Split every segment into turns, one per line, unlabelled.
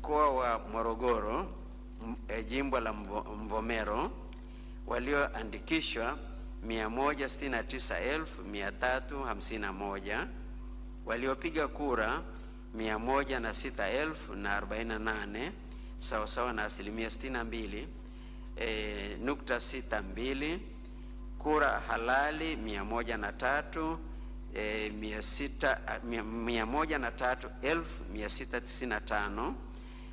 mkoa wa Morogoro, e, jimbo la Mvomero walioandikishwa 169351 waliopiga kura 106048 sawa sawa na asilimia 62 e, nukta sita mbili. Kura halali mia moja na tatu e, mia sita mia moja na tatu elfu mia sita tisini na tano.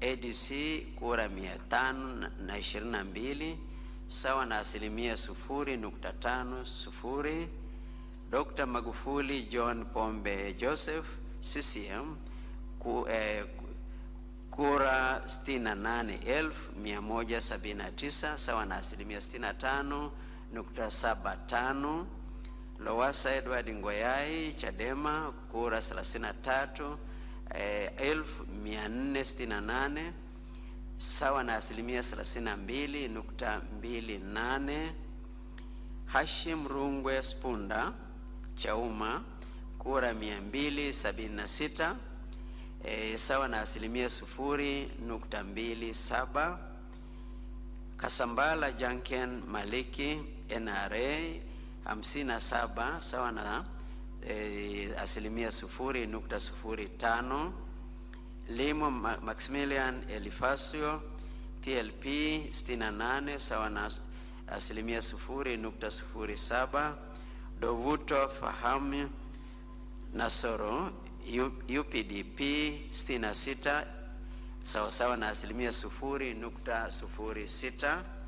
ADC kura mia tano na ishirini na mbili sawa na asilimia sufuri nukta tano sufuri. Dr. Magufuli John Pombe Joseph CCM ku, eh, kura 68179 sawa na asilimia 65.75. Lowasa Edward Ngoyai Chadema kura 33 Eh, elfu mia nne sitini na nane sawa na asilimia thelathini na mbili nukta mbili nane. Hashim Rungwe Spunda Chauma kura mia mbili sabini na sita e, sawa na asilimia sufuri nukta mbili saba. Kasambala Janken Maliki NRA hamsini na saba sawa na e, asilimia sufuri nukta sufuri tano. Limo Maximilian Elifasio TLP 68 sawa na asilimia sufuri nukta sufuri saba. Dovuto Fahamu Nasoro UPDP 66 sawasawa na asilimia sufuri nukta sufuri sita.